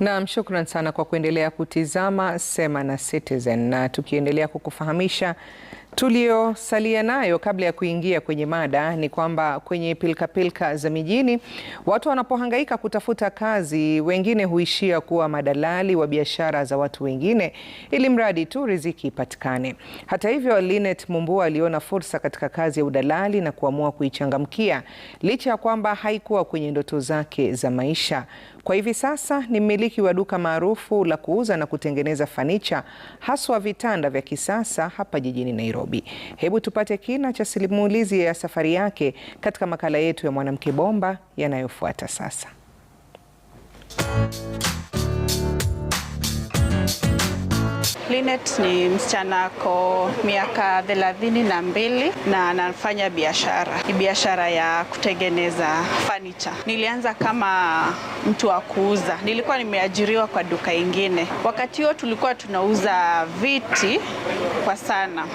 Naam, shukran sana kwa kuendelea kutizama Sema na Citizen, na tukiendelea kukufahamisha Tuliosalia nayo kabla ya kuingia kwenye mada ni kwamba kwenye pilkapilka -pilka za mijini, watu wanapohangaika kutafuta kazi, wengine huishia kuwa madalali wa biashara za watu wengine, ili mradi tu riziki ipatikane. Hata hivyo, Linet Mumbua aliona fursa katika kazi ya udalali na kuamua kuichangamkia, licha ya kwamba haikuwa kwenye ndoto zake za maisha. Kwa hivi sasa ni mmiliki wa duka maarufu la kuuza na kutengeneza fanicha, haswa vitanda vya kisasa hapa jijini Nairobi. Nairobi. Hebu tupate kina cha simulizi ya safari yake katika makala yetu ya Mwanamke Bomba yanayofuata sasa. Linet ni msichana ako miaka thelathini na mbili na anafanya biashara. Ni biashara ya kutengeneza fanicha. Nilianza kama mtu wa kuuza, nilikuwa nimeajiriwa kwa duka ingine. Wakati huo tulikuwa tunauza viti kwa sana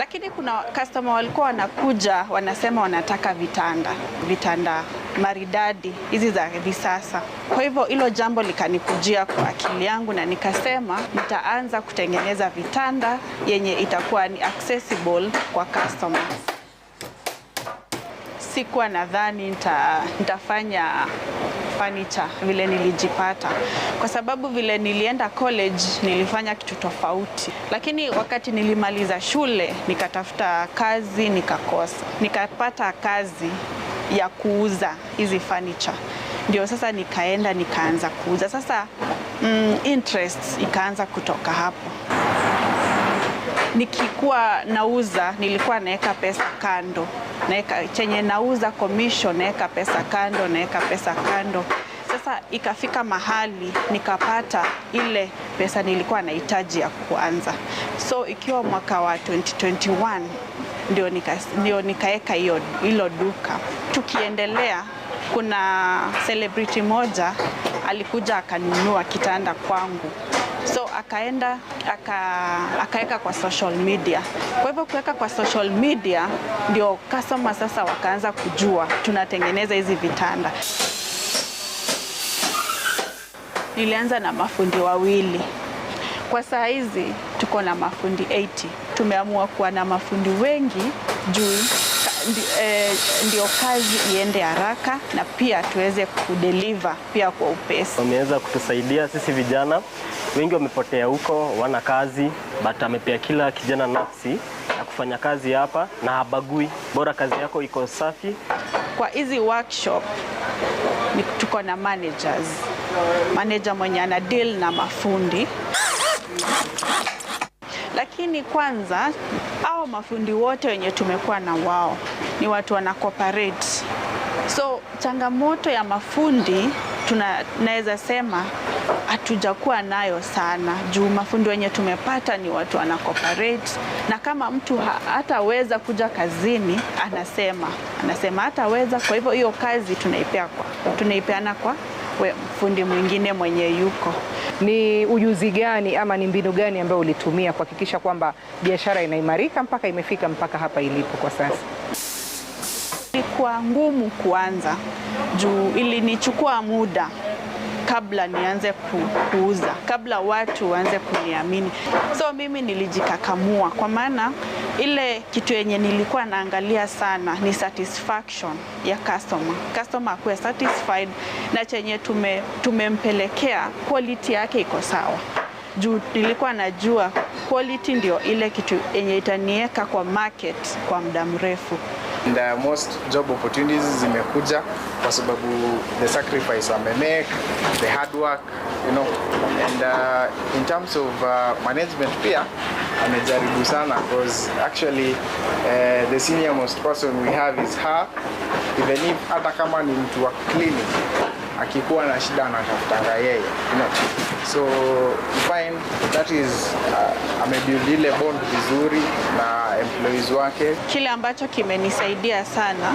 lakini kuna customer walikuwa wanakuja wanasema wanataka vitanda vitanda maridadi hizi za visasa. Kwa hivyo hilo jambo likanikujia kwa akili yangu, na nikasema nitaanza kutengeneza vitanda yenye itakuwa ni accessible kwa customers sikuwa nadhani nita, nitafanya furniture vile nilijipata, kwa sababu vile nilienda college nilifanya kitu tofauti, lakini wakati nilimaliza shule nikatafuta kazi nikakosa, nikapata kazi ya kuuza hizi furniture ndio sasa nikaenda nikaanza kuuza sasa. Mm, interest ikaanza kutoka hapo nikikuwa nauza nilikuwa naweka pesa kando, naeka chenye nauza commission, naweka pesa kando, naweka pesa kando. Sasa ikafika mahali nikapata ile pesa nilikuwa nahitaji ya kuanza. So ikiwa mwaka wa 2021 ndio nika, ndio nikaweka hiyo hilo duka. Tukiendelea, kuna celebrity moja alikuja akanunua kitanda kwangu so akaenda akaweka kwa social media. Kwa hivyo kuweka kwa social media ndio customer sasa wakaanza kujua tunatengeneza hizi vitanda. Nilianza na mafundi wawili, kwa saa hizi tuko na mafundi 80. Tumeamua kuwa na mafundi wengi juu ndi, eh, ndio kazi iende haraka na pia tuweze kudeliver pia kwa upesi. Wameweza kutusaidia sisi vijana wengi, wamepotea huko, wana kazi but amepea kila kijana nafsi ya kufanya kazi hapa na habagui, bora kazi yako iko safi. Kwa hizi workshop ni tuko na managers, manager mwenye ana deal na mafundi lakini kwanza au mafundi wote wenye tumekuwa na wao ni watu wana cooperate. So changamoto ya mafundi tunaweza sema hatujakuwa nayo sana juu mafundi wenye tumepata ni watu wana cooperate, na kama mtu hataweza kuja kazini anasema anasema hataweza. Kwa hivyo hiyo kazi tunaipea kwa tunaipeana kwa we, fundi mwingine mwenye yuko ni ujuzi gani ama ni mbinu gani ambayo ulitumia kuhakikisha kwamba biashara inaimarika mpaka imefika mpaka hapa ilipo kwa sasa? Ilikuwa ngumu kuanza juu ilinichukua muda kabla nianze kuuza, kabla watu waanze kuniamini. So mimi nilijikakamua, kwa maana ile kitu yenye nilikuwa naangalia sana ni satisfaction ya customer. Customer akuwe satisfied na chenye tume, tumempelekea quality yake iko sawa juu nilikuwa najua quality ndio ile kitu yenye itaniweka kwa market kwa muda mrefu. And uh, most job opportunities zimekuja kwa sababu the sacrifice amemake, the hard work, you know. And uh, in terms of uh, management pia amejaribu sana because actually uh, the senior most person we have is her even if hata kama ni mtu wa clinic akikuwa na shida anatafutanga yeye you know? so find that is uh, amebuild ile bond vizuri na employees wake. Kile ambacho kimenisaidia sana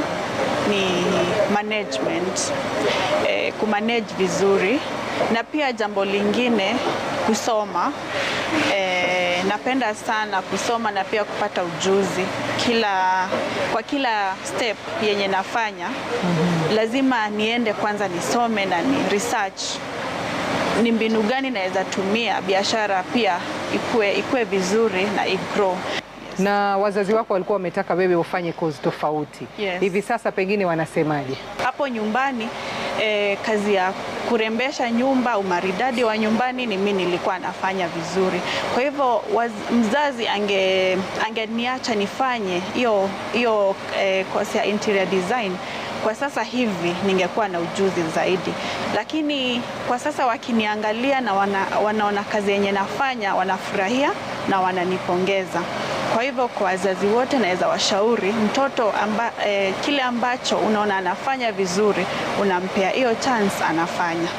ni management eh, kumanage vizuri na pia jambo lingine kusoma eh, Napenda sana kusoma na pia kupata ujuzi kila, kwa kila step yenye nafanya mm -hmm. Lazima niende kwanza nisome na ni research ni mbinu gani naweza tumia biashara pia ikue, ikue vizuri na igrow na wazazi wako walikuwa wametaka wewe ufanye kozi tofauti. Yes. Hivi sasa pengine wanasemaje? Hapo nyumbani eh, kazi ya kurembesha nyumba, umaridadi wa nyumbani ni mimi nilikuwa nafanya vizuri. Kwa hivyo mzazi ange angeniacha nifanye hiyo hiyo eh, course ya interior design kwa sasa hivi ningekuwa na ujuzi zaidi, lakini kwa sasa wakiniangalia na wana, wanaona kazi yenye nafanya wanafurahia na wananipongeza. Kwa hivyo kwa wazazi wote naweza washauri mtoto amba, eh, kile ambacho unaona anafanya vizuri unampea hiyo chance anafanya.